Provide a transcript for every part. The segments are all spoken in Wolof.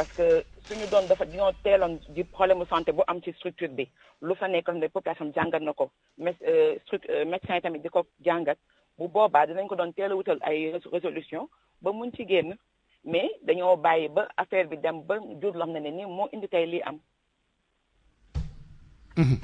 parce que suñu doon dafa dañoo télon di problème santé bu am ci structure bi lu fa nekk ne population bi nako mais euh, euh médecin tamit diko jangat bu boba dinañ ko doon teel wutal ay résolution ba muñ ci génn mais dañoo bàyyi ba affaire bi dem ba jur loo xam ne nii moo indi tay li am. Mmh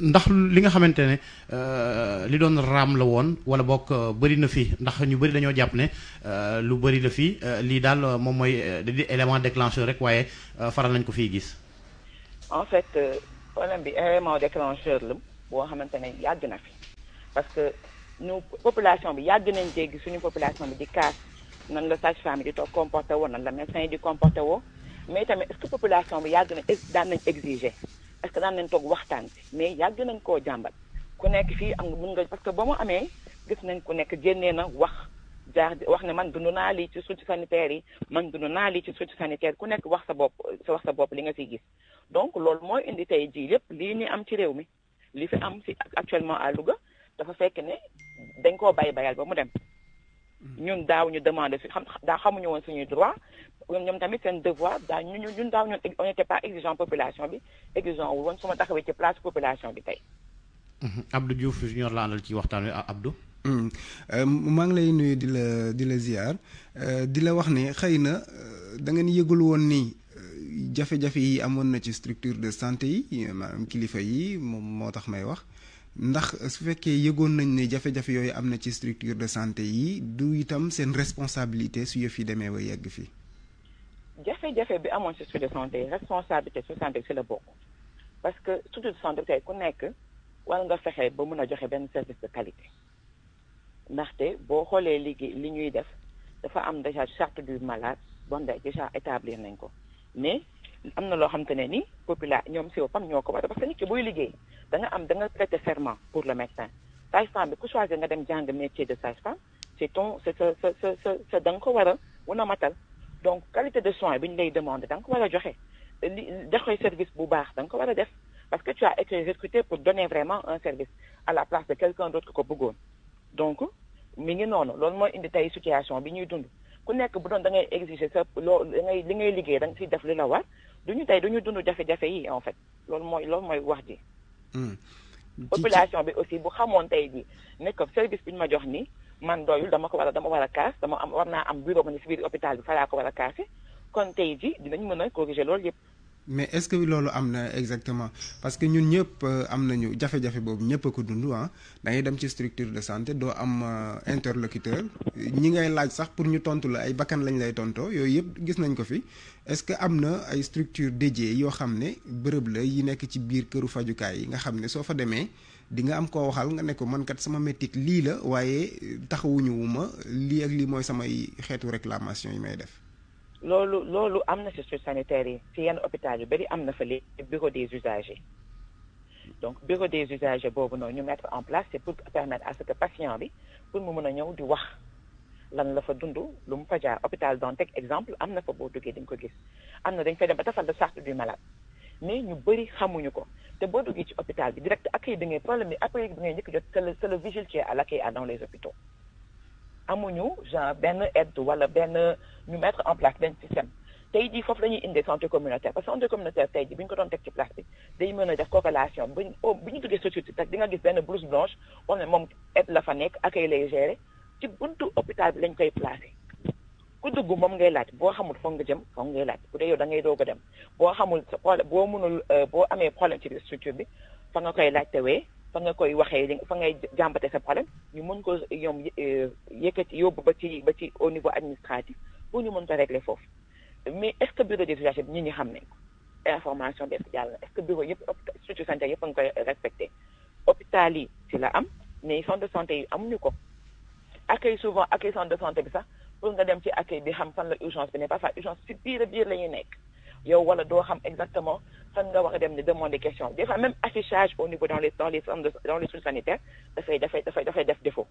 ndax li nga xamante ne euh, li doon raam la woon wala bokk euh, bëri na fi ndax ñu bëri dañoo jàpp ne euh, lu bëri la fi lii daal moom mooy di élément déclencheur rek waaye faral nañ ko fii gis. en fait problème bi élément déclencheur la boo xamante ne yàgg na fi parce que ñu population bi yàgg nañ dégg suñu population bi di kaas nan la sage-femme di toog comporté woo nan la médecin yi di comporté woo mais tamit est-ce que population bi yàgg na daan nañ exiger est-ce que daan nañ toog waxtaan mais yàgg nañ koo jàmbat ku nekk fii am nga mun nga parce que ba mu amee gis nañ ku nekk génnee na wax jaar wax ne man dund naa lii ci structure sanitaire yi man dund naa lii ci structure sanitaire ku nekk wax sa bopp sa wax sa bopp li nga fiy gis donc loolu mooy indi tey jii lépp lii ñu am ci réew mi li fi am si actuellement à Louga dafa fekk ne dañ koo bay bayal ba mu dem ñun daaw ñu demandé xam daa xamuñu woon suñuy droit ñoom tamit seen devoir daa ñu ñu ñun daaw ñun on était pas exigeant population bi exigeant wu woon su ma taxawee ci place population bi tey. Mm-hmm. Abdou Diouf junior la àndal ci waxtaan wi ah, Abdou. Mm-hmm. Euh, maa ngi lay nuyu di la di la ziar euh, di la wax ne xëy na euh, da ngeen yëgul woon ni euh, jafe-jafe yi amoon na ci structure de santé yi maanaam kilifa yi moom moo tax may wax ndax su fekkee yëgoon nañ ne jafe-jafe yooyu am na ci structure de santé yi du itam seen responsabilité su yëf yi demee ba yegg fi jafe-jafe bi amoon ci structure de santé responsabilité su santé si la bokk parce que structure de santé tey ku nekk war nga fexe ba mun a joxe benn service de qualité ndaxte boo xoolee liggéey li ñuy def dafa am déjà charte du malade bon déjà établir nañ ko mais am na loo xam te ne ni popula ñoom si boppam ñoo ko war parce que nit ki buy liggéey da nga am da nga traité serment pour le médecin sage-femme bi ku choisir nga dem jàng métier de sage-femme c'est ton c'est sa sa sa sa sa da nga ko war a mun a matal donc qualité de soins bi ñu lay demander da nga ko war a joxe li joxe service bu baax da nga ko war a def parce que tu as été recruté pour donner vraiment un service à la place de quelqu'un d'autre que ko bëggoon donc mi ngi noonu loolu mooy indi tey situation bi ñuy dund ku nekk bu doon da ngay exiger sa loo da ngay li ngay liggéey da nga siy def li la war duñu ñu tey du ñu dund jafe-jafe yi en fait loolu mooy loolu mooy wax ji. Hmm. population bi aussi bu xamoon tey jii ne que service bi ma jox nii man doyul dama ko war a dama war a kaas dama am war naa am bureau ma ni si biir hôpital bi fa ko war a kaase kon tey jii dinañ mën a corriger loolu yëpp mais est-ce que loolu am exactement parce que ñun ñëpp euh, am jafe-jafe ñëpp ko dund ah. dem ci structure de santé do am euh, interlocuteur ñi ngay laaj sax pour ñu tontu la bakkan lañ lay tontoo yooyu gis nañ ko est-ce que am ay structure dédiée yoo xam ne bërëb la yi nekk ci biir këru fajukaay yi nga xam fa demee di nga am koo waxal nga ne man kat sama métit lii la waaye taxawuñu réclamation yi loolu loolu am na ci structures yi ci yenn hôpital yu bëri am na fa li bureau des usagers donc bureau des usagers boobu noonu ñu mettre en place c'est pour permettre à ce que patient bi pour mu mën a ñëw di wax lan la fa dund lu mu fa jaar hôpital Dantec exemple am na fa boo duggee dañ ko gis am na dañ fay dem ba tafal la charte du malade mais ñu bëri xamuñu ko te boo duggee ci hôpital bi direct accueil da ngay problème bi accueil da ngay njëkk jot c'est le vigile qui est à l'accueil dans les hôpitaux amuñu genre benn aide wala benn ñu mettre en place ben système tay di foofu lañuy ñuy indi santé communautaire parce que santé communautaire tay di buñ ko doon tek ci place bi day mëna def corrélation buñ buñ ñu oh, société tak di nga gis benn blouse blanche wax mom aide la fa nekk accueil lay gérer ci buntu hôpital bi lañ koy placer ku dugg mom ngay laaj boo xamul fo nga jëm fo ngay laaj ku dee yow da ngay doog a dem boo xamul sa boo mënul euh, boo amee problème ci structure bi fa nga koy laajtewee fa nga koy waxee fa ngay jàmbate sa problème ñu mën ko ñoom euh, yëkkati yóbbu ba ci ba ci au niveau administratif pour ñu mën ko régler foofu mais est ce que bureau de vigilance bi ñi ñi xam nañ ko information bi jàll na est ce que bureau yëpp structure santé yëpp a ngi koy respecté hôpital yi ci la am mais centre de santé yi amuñu ko accueil souvent accueil centre de santé bi sax pour nga dem ci accueil bi xam fan la urgence bi ne parfois urgence si biir biir la ñuy nekk yow wala doo xam exactement fan nga war a dem ni demander question des fois même affichage au niveau dans les dans les dans les structures sanitaires dafay dafay dafay dafay def défaut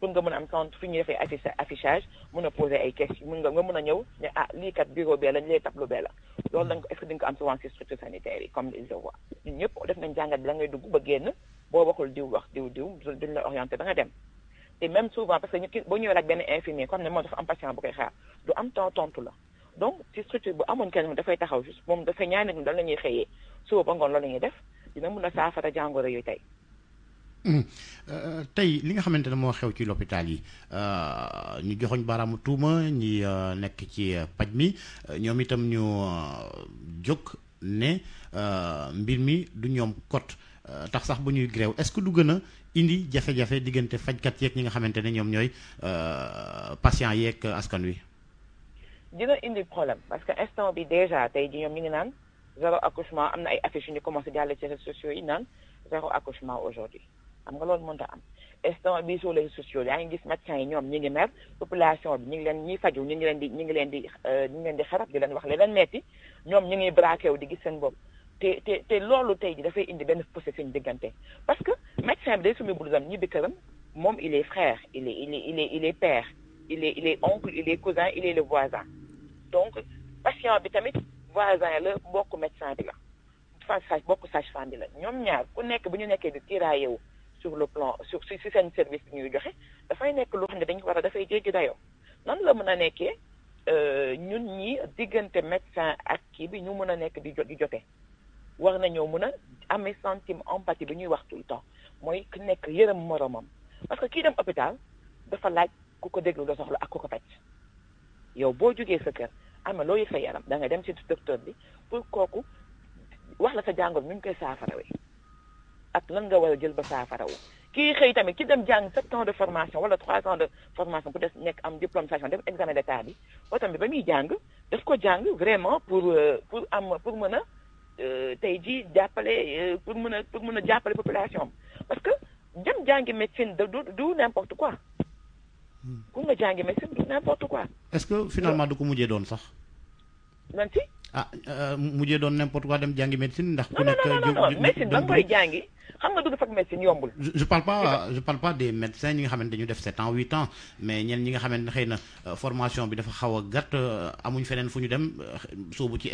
pour nga mën a am centre fi ñuy defee affichage mën a poser ay questions mën nga nga mën a ñëw ne ah lii kat bureau bee la lii tableau bee la loolu la ko est-ce que di nga ko am souvent si structure sanitaire yi comme les le voient ñun ñëpp def nañ jàngat la ngay dugg ba génn boo waxul diw wax diw diw duñ la orienté ba nga dem et même souvent parce que ñu ki boo ñëwee laaj benn infirmier comme ne moom dafa am patient bu koy xaar du am temps tontu la donc ci structure bu amoon kenn mu dafay taxaw juste moom dafay ñaari nit ñi dal la ñuy xëyee suba ba ngoon loolu la ñuy def dina mun a saafara jàngoro yooyu tey. Hmm. Euh, euh, tey li nga xamante ne moo xew ci l'hôpital yi euh, ñu joxoñ baaraamu tuuma ñi nekk ci paj mi ñoom itam ñu jóg ne mbir mi du ñoom kot tax sax bu ñuy grève est-ce que du gën a indi jafe-jafe diggante fajkat yeeg ñi nga xamante ne ñoom ñooy patient yeeg askan wi. dina indi problème parce que instant bi déjà tay ji ñoom ñu ngi naan zéro accouchement am na ay affiches yu ñu commencé jàlle ci réseaux sociaux yi naan zéro accouchement aujourd'hui xam nga loolu mënta am instant bi sur les réseaux sociaux yaa ngi gis médecins yi ñoom ñi ngi mer population bi ñi ngi leen ñi faju ñi ngi leen di ñi ngi leen di euh, ñi ngi leen di xarab di leen wax leen metti ñoom ñi ngi braqué wu di gis seen bopp te te te loolu tey ji dafay indi benn fossé suñu diggante parce que médecin bi day sumi ñi bi këram moom il est frère il est il est il est il est père il est il est oncle il est cousin il est le voisin donc patient bi tamit voisin la bokk médecin bi la sage bokk sage femme bi la ñoom ñaar ku nekk bu ñu nekkee di tiraillé wu sur le plan sur si seen service bi ñuy joxe dafay nekk loo xam ne dañu war a dafay jéggi dayo nan la mën a nekkee euh, ñun ñi diggante médecin ak kii bi ñu mën a nekk di di jote war nañoo mën a amee sentiment empathie bi ñuy wax tout le temps mooy ku nekk yërëm moromam parce que kii dem hôpital dafa laaj ku ko déglu da soxla ak ku ko faj yow boo jógee sa kër am na loo sa yaram da nga dem ci docteur bi pour kooku wax la sa jàngoro ni ñu koy saafarawee ak lan nga war a jël ba saafarawu kii xëy tamit ki dem jàng sept ans de formation wala trois ans de formation pour des nekk am diplôme station def examen d'état bi ba tamit ba muy jàng daf ko jàng vraiment pour euh, pour am pour mën a euh, tey jii jàppale euh, pour mën a pour mën a jàppale population parce que dem jàngi médecine du du n'importe quoi ku nga jàngi médecine du n'importe quoi. est-ce que finalement du ko mujjee doon sax. man si. ah euh, mujjee doon n'importe quoi dem jàngi médecine ndax. ku nekk non non non médecine ba nga koy jàngi. xam nga dugg fag médecine yombul. je parle pas je parle pas des médecins ñi nga xamante ñu def 7 ans 8 ans mais ñen ñi nga xamante ne xëy na euh, formation bi dafa xaw a gàtt euh, amuñ feneen fu ñu dem soobu ci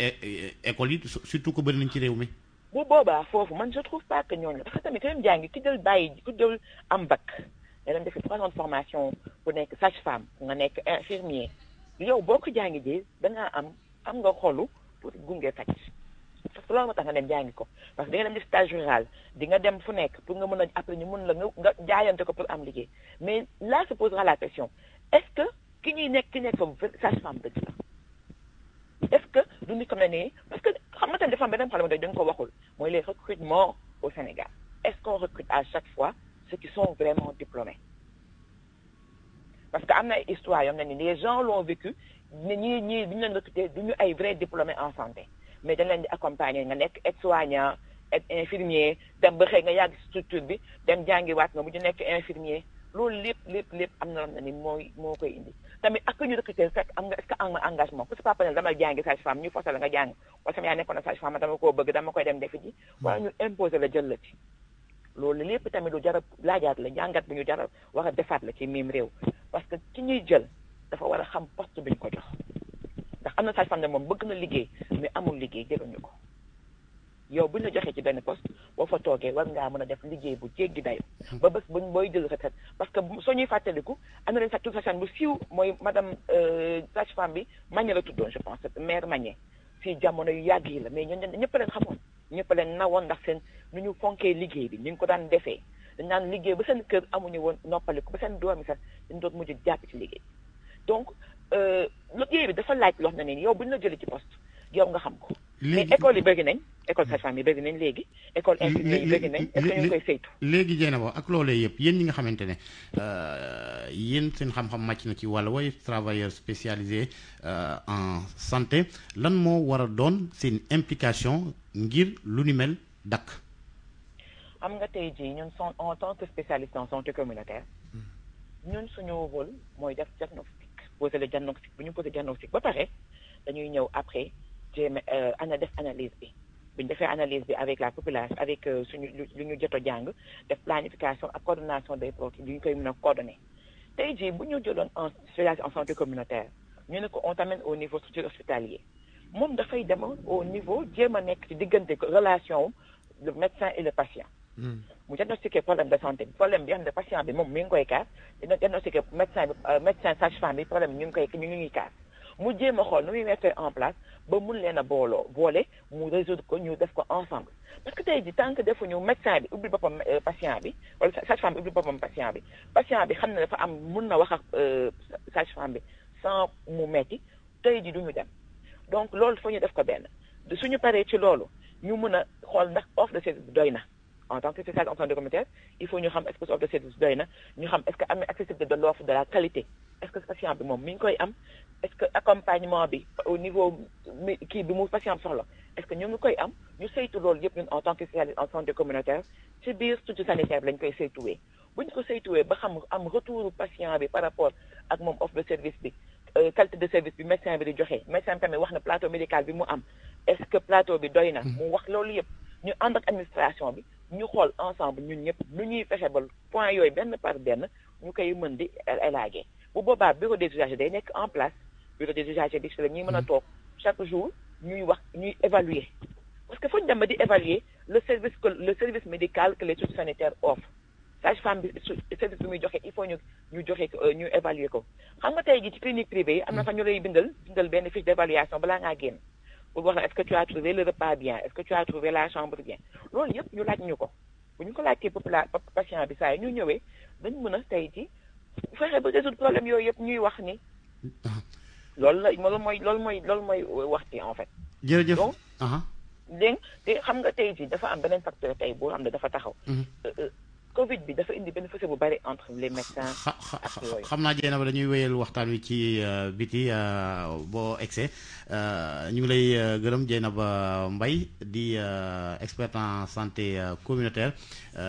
école yi surtout ko bëri nañ ci réew mi. bu boobaa foofu man je trouve pas que ñooñu dafa que tamit ku dem jàngi ku jël bàyyi ku jël am bac ne leen defi trois ans de formation pour nekk sage-femme nga nekk infirmier yow boo ko jàngi ji dangaa am am nga xolu pour gunge faj parce que loolu moo tax nga dem jàngi ko parce que di nga dem di stage rural di nga dem fu nekk pour nga mën a après ñu mën la nga jaayante ko pour am liggéey mais là se posera la question est-ce que ki ñuy nekk ki nekk foofu sage-femme dëgg la est-ce que du nit comme ne parce que xam nga tamit dafa am beneen problème da ko waxul mooy les recrutements au Sénégal est-ce qu'on recrute à chaque fois ceux qui sont vraiment diplômés. Parce qu'il y a une histoire, les gens l'ont vécu, nous sommes vrais diplômés en santé. Mais nous accompagnés, soignants, infirmiers, ils infirmiers loolu lépp tamit lu jar a laajaat la jàngat bi ñu jar a war a defaat la ci miim réew parce que ki ñuy jël dafa war a xam poste bi ñu ko jox ndax am na sage-femme ne moom bëgg na liggéey mais amul liggéey jëluñu ko yow bu ñu la joxee ci benn poste boo fa toogee war ngaa mën a def liggéey bu jéggi dayo ba bés buñ booy jël retraite parce que soo ñuy fàttaliku am na leen sa sage-femme bu siiw mooy madame euh, sage-femme bi Magné la tuddoon je pense maire Magné si jamono yu yàgg yi la mais ñoo ñëpp leen xamoon nawoon ndax seen nu ñu fonkee liggéey bi ñu ngi ko daan defee dañ daan liggéey ba seen kër amuñu woon noppaliku ba seen doomi sax dañ doon mujj jàpp ci liggéey donc euh, liggéey bi dafa laaj loo xam ne nii yow bu ñu la jëlee ci poste yow nga xam ko. mais école est euh, spécialisé euh, en santé lan moo war doon seen implication ngir lu mel nga en tant que spécialiste en santé communautaire ñun suñu rôle mooy def diagnostic posé le diagnostic bu ñu posé diagnostic ba dañuy après euh, ana def analyse bi bu ñu defee analyse bi avec la population avec euh, suñu lu ñu jot a jàng def planification ak coordination des projets du koy mën a coordonner tey jii bu ñu en santé communautaire ñu ne ko on t'amène au niveau structure hospitalier moom dafay dem au niveau jéem a nekk ci diggante relation le médecin et le patient. Hmm. mu diagnostiqué problème de santé bi problème bi nga patients, des patient bi moom mi ngi koy kaas dina médecin bi euh, médecin sage-femme bi problème ñu ngi koy ñu mu jéem a xool nu muy mettre en place ba mun leen a booloo boole mu résoudre ko ñu def ko ensemble parce que tey ji tant que defuñu médecin bi ubbi boppam euh, patient bi wala sage-femme bi ubbi boppam patient bi patient bi xam na dafa am mun na wax ak euh, sage-femme bi sans mu metti tey ji duñu dem donc loolu fa ñu def ko benn suñu paree ci loolu ñu mun a xool ndax offre de service doy na en tant que spécialiste en santé communautaire il faut ñu xam est-ce que offre de service doy na ñu xam est-ce que am accessibilité de l'offre de la qualité est-ce que patient bi moom mi ngi koy am est-ce que accompagnement bi au niveau kii bi mu patient soxla est-ce que ñu ngi koy am ñu saytu loolu yëpp ñun en tant que spécialiste en santé communautaire ci biir structure sanitaire bi lañ koy saytuwee bu ñu ko saytuwee ba xam am retour patient bi par rapport ak moom offre de service bi euh, qualité de service bi médecin bi di joxe médecin bi tamit wax na plateau médical bi mu am est-ce que plateau bi doy na mm-hmm. mu wax loolu yëpp ñu ànd ak administration bi ñu xool ensemble ñun ñëpp lu ñuy fexe ba point yooyu benn par benn ñu koy mën di élaguer bu le bureau des usagers day nekk en place bureau des usagers bi si la mm. chaque jour nous wax évaluer parce qu'il faut, dem ba évaluer le service le service médical que les structures sanitaires offrent sage-femme bi service bi il faut ñu ñu joxe euh, ñu évaluer ko xam nga une clinique privée on am na fa ñu lay bindal d'évaluation balaa ngaa génn wax est-ce que tu as trouvé le repas bien est-ce que tu as trouvé la chambre bien loolu yëpp ñu laaj ñu ko bu ñu ko patients population patient bi saa ñu ñëwee dañ mën a bu fexe ba résoudre problème ñuy wax ni. loolu la loolu mooy loolu mooy loolu en fait. donc. dégg te xam nga tey jii dafa am facteur tey boo xam dafa mhm. euh, euh, Covid bi dafa indi benn bu bari entre les médecins. ba dañuy wéyal waxtaan wi ci euh, biti boo ñu ngi di expert en santé communautaire.